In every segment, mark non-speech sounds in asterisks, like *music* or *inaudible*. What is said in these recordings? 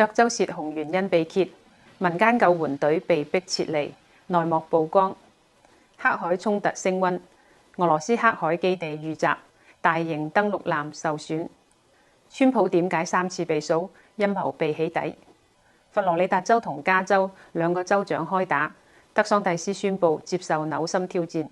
涿州泄洪原因被揭，民間救援隊被迫撤離；內幕曝光，黑海衝突升溫，俄羅斯黑海基地遇襲，大型登陸艦受損。川普點解三次被訴，陰謀被起底？佛羅里達州同加州兩個州長開打，德桑蒂斯宣布接受紐森挑戰。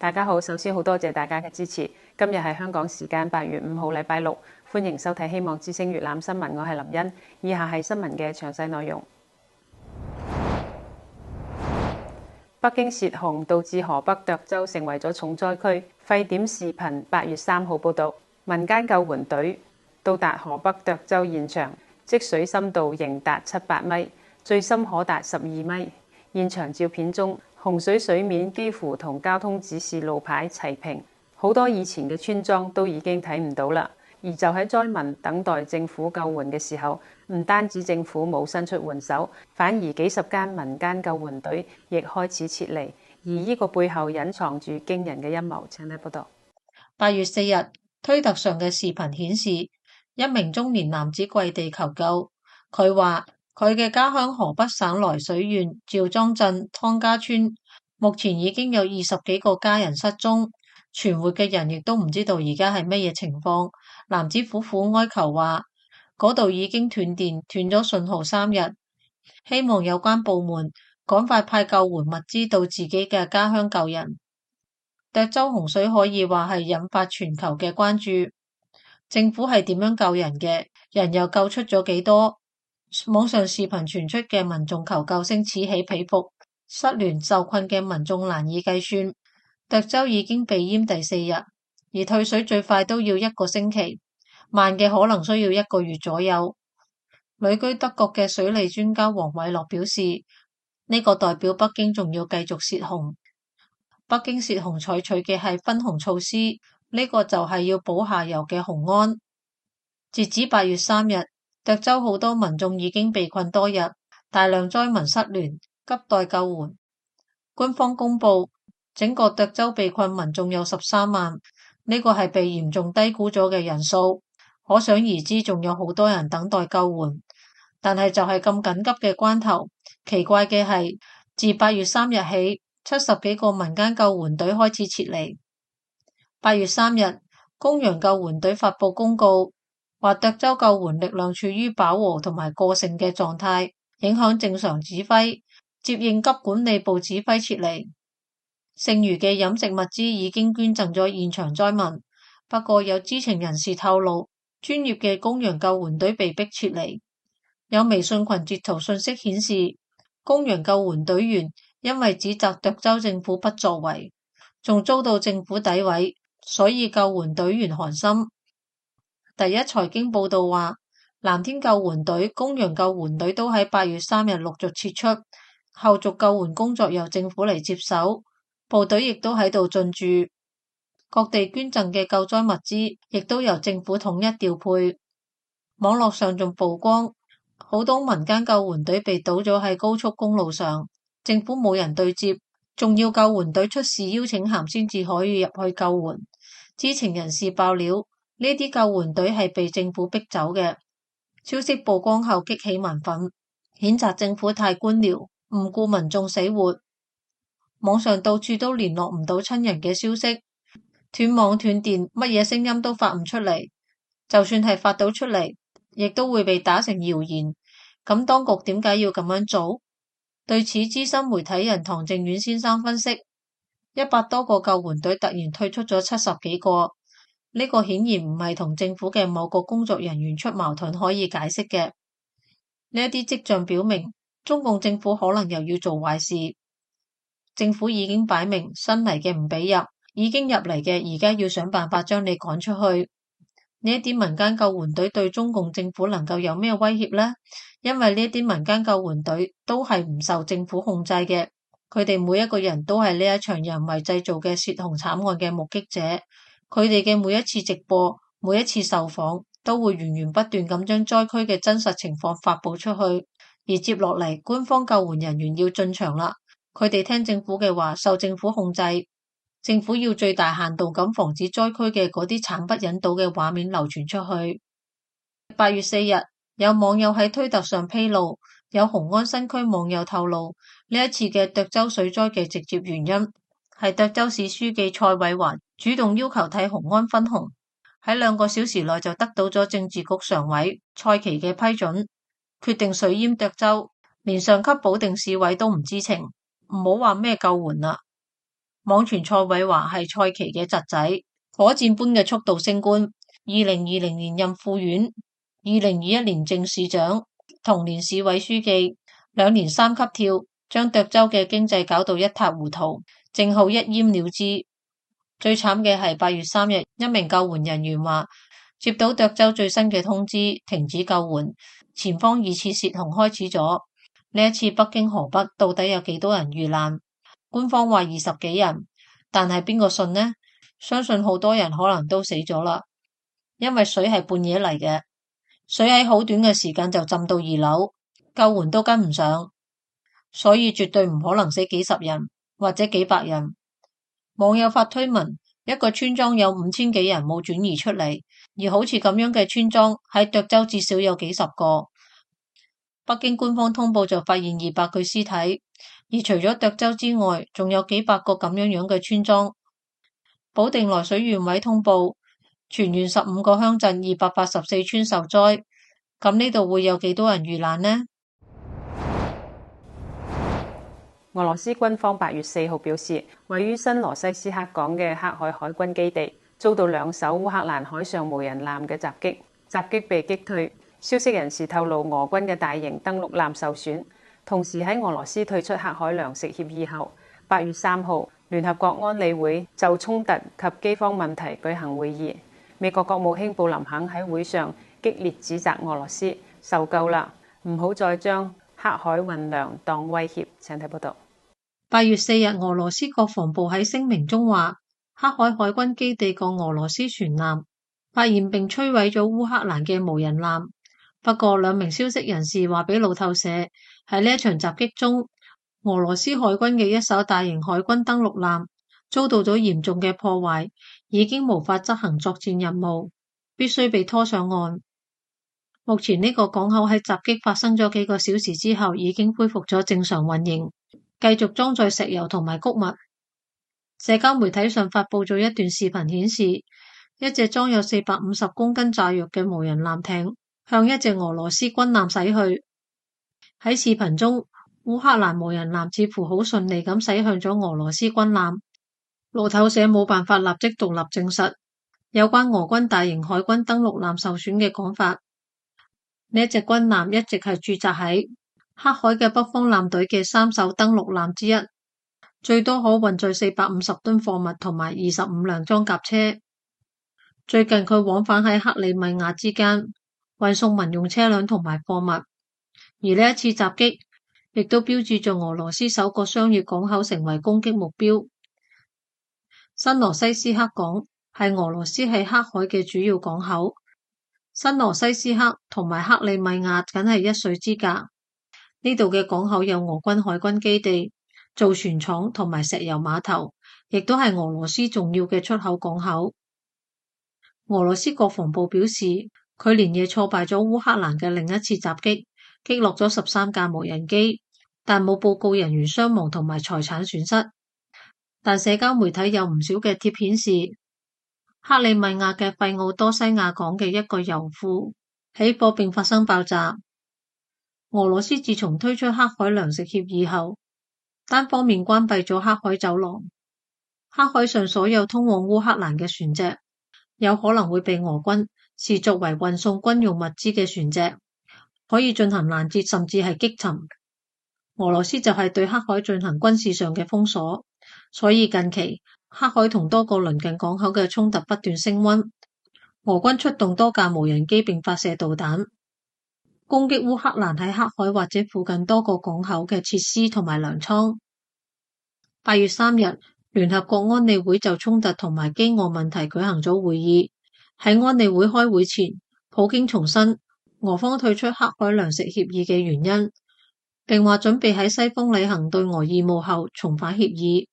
大家好，首先好多謝大家嘅支持。今日係香港時間八月五號禮拜六，歡迎收睇《希望之聲》粵覽新聞，我係林茵，以下係新聞嘅詳細內容。 *noise* 北京泄洪導致河北涿州成為咗重災區，沸點視頻八月三號報道民間救援隊到達河北涿州現場積水深度仍達七百米，最深可達十二米。現場照片中。洪水水面幾乎同交通指示路牌齊平，好多以前嘅村莊都已經睇唔到啦。而就喺災民等待政府救援嘅時候，唔單止政府冇伸出援手，反而幾十間民間救援隊亦開始撤離。而呢個背後隱藏住驚人嘅陰謀。請聽報道。八月四日，推特上嘅視頻顯示，一名中年男子跪地求救，佢話：佢嘅家鄉河北省淶水縣趙莊鎮湯家村，目前已經有二十幾個家人失蹤，存活嘅人亦都唔知道而家係乜嘢情況。男子苦苦哀求話：嗰度已經斷電，斷咗信號三日，希望有關部門趕快派救援物資到自己嘅家鄉救人。涿州洪水可以話係引發全球嘅關注，政府係點樣救人嘅？人又救出咗幾多？網上視頻傳出嘅民眾求救聲此起彼伏，失聯受困嘅民眾難以計算。涿州已經被淹第四日，而退水最快都要一個星期，慢嘅可能需要一個月左右。旅居德國嘅水利專家王偉樂表示，呢個代表北京仲要繼續洩洪。北京洩洪採取嘅係分洪措施，呢個就係要保下游嘅洪安。截止八月三日。涿州好多民眾已經被困多日，大量災民失聯，急待救援。官方公布整個涿州被困民眾有十三萬，呢個係被嚴重低估咗嘅人數，可想而知仲有好多人等待救援。但係就係咁緊急嘅關頭，奇怪嘅係自八月三日起，七十幾個民間救援隊開始撤離。八月三日，公羊救援隊發布公告。或涿州救援力量處於飽和同埋過剩嘅狀態，影響正常指揮，接應急管理部指揮撤離，剩餘嘅飲食物資已經捐贈咗現場災民。不過有知情人士透露，專業嘅公羊救援隊被逼撤離，有微信群截圖信息顯示，公羊救援隊員因為指責涿州政府不作為，仲遭到政府詆毀，所以救援隊員寒心。第一財經報道話，藍天救援隊、公羊救援隊都喺八月三日陸續撤出，後續救援工作由政府嚟接手。部隊亦都喺度進駐，各地捐贈嘅救災物資亦都由政府統一調配。網絡上仲曝光，好多民間救援隊被堵咗喺高速公路上，政府冇人對接，仲要救援隊出示邀請函先至可以入去救援。知情人士爆料。呢啲救援隊係被政府逼走嘅，消息曝光後激起民憤，譴責政府太官僚，唔顧民眾死活。網上到處都聯絡唔到親人嘅消息，斷網斷電，乜嘢聲音都發唔出嚟。就算係發到出嚟，亦都會被打成謠言。咁當局點解要咁樣做？對此資深媒體人唐靖遠先生分析：一百多個救援隊突然退出咗七十幾個。呢個顯然唔係同政府嘅某個工作人員出矛盾可以解釋嘅。呢一啲跡象表明，中共政府可能又要做壞事。政府已經擺明新嚟嘅唔俾入，已經入嚟嘅而家要想辦法將你趕出去。呢一啲民間救援隊對中共政府能夠有咩威脅呢？因為呢一啲民間救援隊都係唔受政府控制嘅，佢哋每一個人都係呢一場人為製造嘅洩洪慘案嘅目擊者。佢哋嘅每一次直播、每一次受訪，都會源源不斷咁將災區嘅真實情況發佈出去。而接落嚟，官方救援人員要進場啦，佢哋聽政府嘅話，受政府控制。政府要最大限度咁防止災區嘅嗰啲慘不忍睹嘅畫面流傳出去。八月四日，有網友喺推特上披露，有雄安新區網友透露呢一次嘅涿州水災嘅直接原因。係涿州市書記蔡偉華主動要求睇雄安分紅，喺兩個小時內就得到咗政治局常委蔡奇嘅批准，決定水淹涿州，連上級保定市委都唔知情，唔好話咩救援啦。網傳蔡偉華係蔡奇嘅侄仔，火箭般嘅速度升官，二零二零年任副院，二零二一年正市長，同年市委書記，兩年三級跳，將涿州嘅經濟搞到一塌糊塗。正好一淹了之，最慘嘅係八月三日，一名救援人員話接到涿州最新嘅通知，停止救援，前方二次泄洪開始咗。呢一次北京河北到底有幾多人遇難？官方話二十幾人，但係邊個信呢？相信好多人可能都死咗啦，因為水係半夜嚟嘅，水喺好短嘅時間就浸到二樓，救援都跟唔上，所以絕對唔可能死幾十人。或者幾百人，網友發推文：一個村莊有五千幾人冇轉移出嚟，而好似咁樣嘅村莊喺涿州至少有幾十個。北京官方通報就發現二百具屍體，而除咗涿州之外，仲有幾百個咁樣樣嘅村莊。保定淶水縣委通報，全縣十五個鄉鎮二百八十四村受災，咁呢度會有幾多人遇難呢？俄羅斯軍方八月四號表示，位於新羅西斯克港嘅黑海海軍基地遭到兩艘烏克蘭海上無人艦嘅襲擊，襲擊被擊退。消息人士透露，俄軍嘅大型登陸艦受損。同時喺俄羅斯退出黑海糧食協議後，八月三號，聯合國安理會就衝突及饑荒問題舉行會議。美國國務卿布林肯喺會上激烈指責俄羅斯，受夠啦，唔好再將黑海運糧當威脅。請睇報道。八月四日，俄羅斯國防部喺聲明中話，黑海海軍基地嘅俄羅斯船艦發現並摧毀咗烏克蘭嘅無人艦。不過，兩名消息人士話俾路透社，喺呢一場襲擊中，俄羅斯海軍嘅一艘大型海軍登陸艦遭到咗嚴重嘅破壞，已經無法執行作戰任務，必須被拖上岸。目前呢個港口喺襲擊發生咗幾個小時之後，已經恢復咗正常運營。繼續裝載石油同埋穀物。社交媒體上發布咗一段視頻，顯示一隻裝有四百五十公斤炸藥嘅無人艦艇向一隻俄羅斯軍艦駛去。喺視頻中，烏克蘭無人艦似乎好順利咁駛向咗俄羅斯軍艦。路透社冇辦法立即獨立證實有關俄軍大型海軍登陸艦受損嘅講法。呢一隻軍艦一直係駐紮喺黑海嘅北方艦隊嘅三艘登陸艦之一，最多可運載四百五十噸貨物同埋二十五輛裝甲車。最近佢往返喺克里米亞之間，運送民用車輛同埋貨物。而呢一次襲擊，亦都標誌着俄羅斯首個商業港口成為攻擊目標。新羅西斯克港係俄羅斯喺黑海嘅主要港口，新羅西斯克同埋克里米亞僅係一水之隔。呢度嘅港口有俄軍海軍基地、造船廠同埋石油碼頭，亦都係俄羅斯重要嘅出口港口。俄羅斯國防部表示，佢連夜挫敗咗烏克蘭嘅另一次襲擊，擊落咗十三架無人機，但冇報告人員傷亡同埋財產損失。但社交媒體有唔少嘅貼文顯示，克里米亞嘅費奧多西亞港嘅一個油庫起火並發生爆炸。俄羅斯自從退出黑海糧食協議後，單方面關閉咗黑海走廊。黑海上所有通往烏克蘭嘅船隻，有可能會被俄軍視作為運送軍用物資嘅船隻，可以進行攔截甚至係擊沉。俄羅斯就係對黑海進行軍事上嘅封鎖，所以近期黑海同多個鄰近港口嘅衝突不斷升温。俄軍出動多架無人機並發射導彈。攻擊烏克蘭喺黑海或者附近多個港口嘅設施同埋糧倉。八月三日，聯合國安理會就衝突同埋饑餓問題舉行咗會議。喺安理會開會前，普京重申俄方退出黑海糧食協議嘅原因，並話準備喺西方履行對俄義務後重返協議。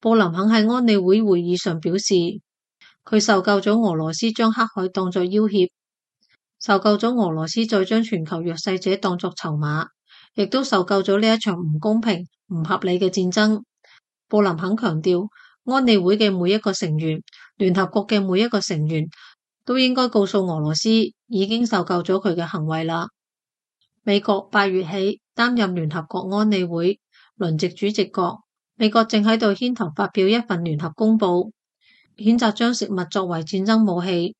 布林肯喺安理會會議上表示，佢受夠咗俄羅斯將黑海當作要脅。受夠咗俄羅斯，再將全球弱勢者當作籌碼，亦都受夠咗呢一場唔公平、唔合理嘅戰爭。布林肯強調，安理會嘅每一個成員、聯合國嘅每一個成員都應該告訴俄羅斯，已經受夠咗佢嘅行為啦。美國八月起擔任聯合國安理會輪值主席國，美國正喺度牽頭發表一份聯合公報，譴責將食物作為戰爭武器。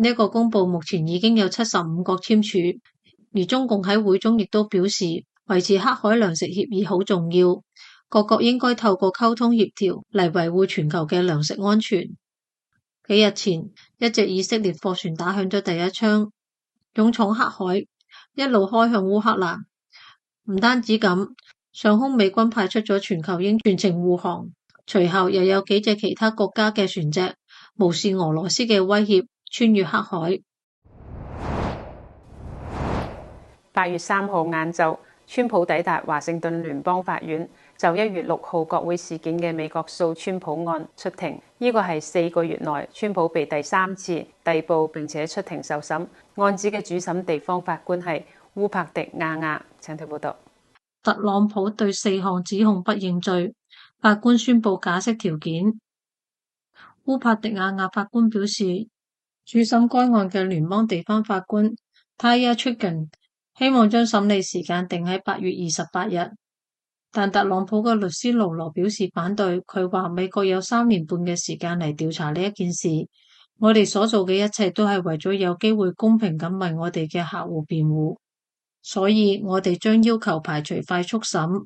呢一個公布目前已經有七十五國簽署，而中共喺會中亦都表示維持黑海糧食協議好重要，各國應該透過溝通協調嚟維護全球嘅糧食安全。幾日前，一隻以色列貨船打響咗第一槍，勇闖黑海，一路開向烏克蘭。唔單止咁，上空美軍派出咗全球鷹全程護航，隨後又有幾隻其他國家嘅船隻無視俄羅斯嘅威脅。穿越黑海。八月三號晏晝，川普抵達華盛頓聯邦法院，就一月六號國會事件嘅美國訴川普案出庭。呢個係四個月內川普被第三次逮捕並且出庭受審。案子嘅主審地方法官係烏帕迪亞亞。請睇報道：特朗普對四項指控不認罪，法官宣布假釋條件。烏帕迪亞亞法官表示。主審該案嘅聯邦地方法官泰恩·出近希望將審理時間定喺八月二十八日，但特朗普嘅律師勞羅表示反對。佢話美國有三年半嘅時間嚟調查呢一件事，我哋所做嘅一切都係為咗有機會公平咁為我哋嘅客戶辯護，所以我哋將要求排除快速審。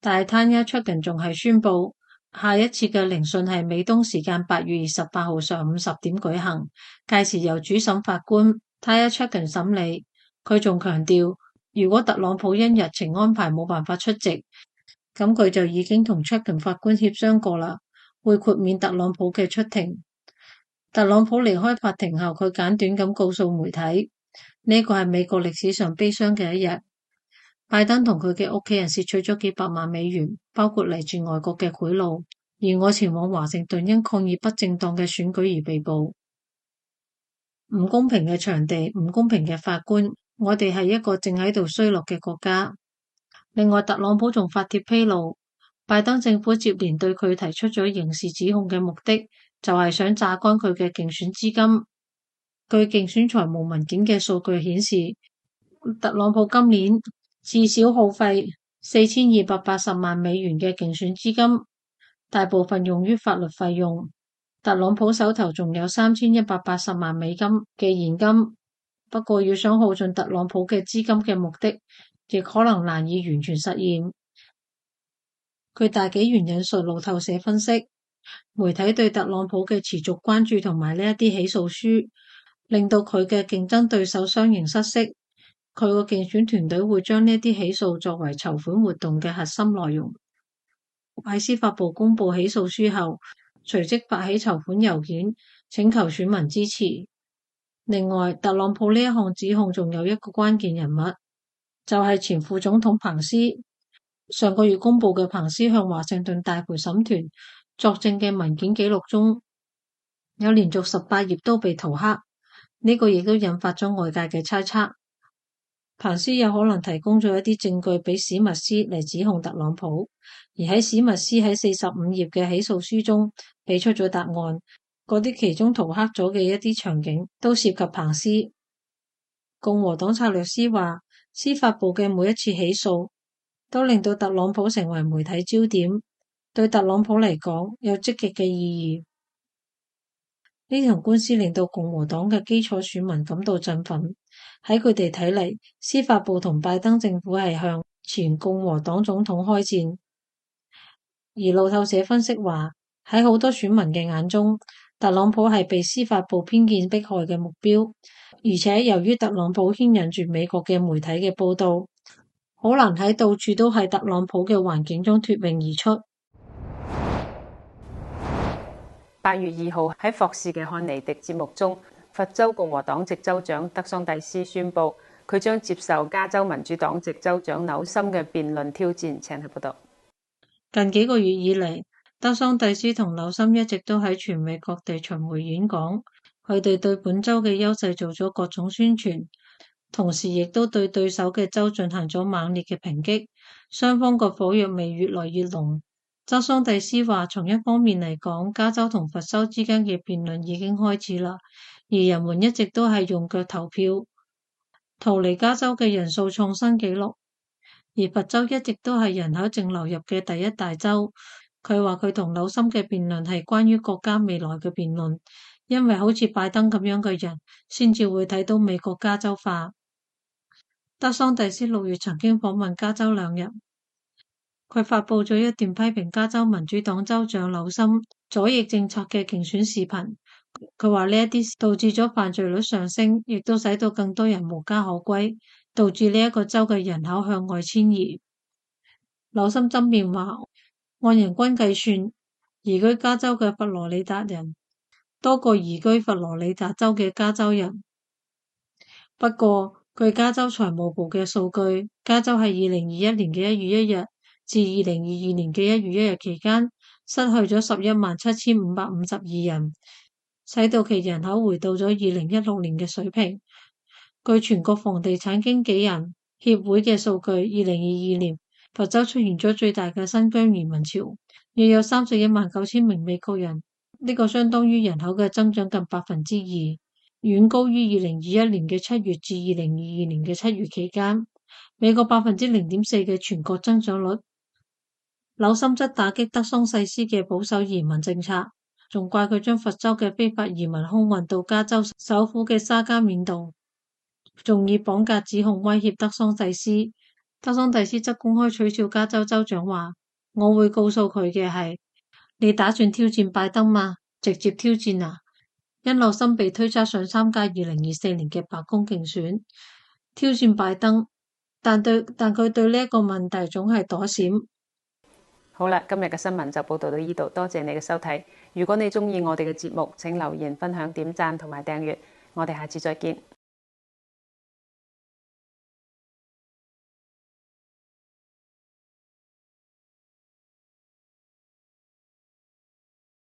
但係泰恩·出近仲係宣布。下一次嘅聆訊係美東時間八月二十八號上午十點舉行，屆時由主審法官泰勒查根審理。佢仲強調，如果特朗普因日程安排冇辦法出席，咁佢就已經同查根法官協商過啦，會豁免特朗普嘅出庭。特朗普離開法庭後，佢簡短咁告訴媒體：呢個係美國歷史上悲傷嘅一日。拜登同佢嘅屋企人竊取咗幾百萬美元，包括嚟自外國嘅賄賂。而我前往華盛頓，因抗議不正當嘅選舉而被捕。唔公平嘅場地，唔公平嘅法官，我哋係一個正喺度衰落嘅國家。另外，特朗普仲發帖披露，拜登政府接連對佢提出咗刑事指控嘅目的，就係想榨乾佢嘅競選資金。據競選財務文件嘅數據顯示，特朗普今年，至少耗費四千二百八十萬美元嘅競選資金，大部分用於法律費用。特朗普手頭仲有三千一百八十萬美金嘅現金，不過要想耗盡特朗普嘅資金嘅目的，亦可能難以完全實現。據大紀元引述路透社分析，媒體對特朗普嘅持續關注同埋呢一啲起訴書，令到佢嘅競爭對手相形失色。佢個競選團隊會將呢啲起訴作為籌款活動嘅核心內容。喺司法部公布起訴書後，隨即發起籌款郵件，請求選民支持。另外，特朗普呢一項指控仲有一個關鍵人物，就係前副總統彭斯。上個月公布嘅彭斯向華盛頓大陪審團作證嘅文件記錄中有連續十八頁都被塗黑，呢個亦都引發咗外界嘅猜測。彭斯有可能提供咗一啲證據俾史密斯嚟指控特朗普，而喺史密斯喺四十五頁嘅起訴書中俾出咗答案。嗰啲其中塗黑咗嘅一啲場景都涉及彭斯。共和黨策略師話司法部嘅每一次起訴都令到特朗普成為媒體焦點，對特朗普嚟講有積極嘅意義。呢場官司令到共和黨嘅基礎選民感到振奮。喺佢哋睇嚟，司法部同拜登政府係向前共和黨總統開戰。而路透社分析話，喺好多選民嘅眼中，特朗普係被司法部偏見迫害嘅目標。而且由於特朗普牽引住美國嘅媒體嘅報道，好難喺到處都係特朗普嘅環境中脫穎而出。八月二號喺霍士嘅漢尼迪節目中，佛州共和黨籍州長德桑蒂斯宣布，佢將接受加州民主黨籍州長紐森嘅辯論挑戰。請細報道。近幾個月以嚟，德桑蒂斯同紐森一直都喺全美各地巡回演講，佢哋對本州嘅優勢做咗各種宣傳，同時亦都對對手嘅州進行咗猛烈嘅抨擊，雙方個火藥味越來越濃。德桑蒂斯話：從一方面嚟講，加州同佛州之間嘅辯論已經開始啦。而人們一直都係用腳投票，逃離加州嘅人數創新紀錄，而佛州一直都係人口淨流入嘅第一大州。佢話佢同紐森嘅辯論係關於國家未來嘅辯論，因為好似拜登咁樣嘅人，先至會睇到美國加州化。德桑蒂斯六月曾經訪問加州兩日，佢發布咗一段批評加州民主黨州長紐森左翼政策嘅競選視頻。佢話呢一啲導致咗犯罪率上升，亦都使到更多人無家可歸，導致呢一個州嘅人口向外遷移。紐森針便話，按人均計算，移居加州嘅佛羅里達人多過移居佛羅里達州嘅加州人。不過，據加州財務部嘅數據，加州係二零二一年嘅一月一日至二零二二年嘅一月一日期間，失去咗十一萬七千五百五十二人。使到其人口回到咗二零一六年嘅水平。據全國房地產經紀人協會嘅數據，二零二二年佛州出現咗最大嘅新疆移民潮，亦有三十一萬九千名美國人，呢、這個相當於人口嘅增長近百分之二，遠高於二零二一年嘅七月至二零二二年嘅七月期間美國百分之零點四嘅全國增長率。紐森則打擊德桑蒂斯嘅保守移民政策。仲怪佢將佛州嘅非法移民空運到加州首府嘅沙加緬度，仲以綁架指控威脅德桑蒂斯。德桑蒂斯則公開取笑加州州長話：我會告訴佢嘅係，你打算挑戰拜登嘛？直接挑戰啊！紐森被推測想參加二零二四年嘅白宮競選，挑戰拜登，但對但佢對呢一個問題總係躲閃。好啦，今日嘅新聞就報道到呢度，多謝你嘅收睇。如果你中意我哋嘅節目，請留言、分享、點讚同埋訂閱。我哋下次再見。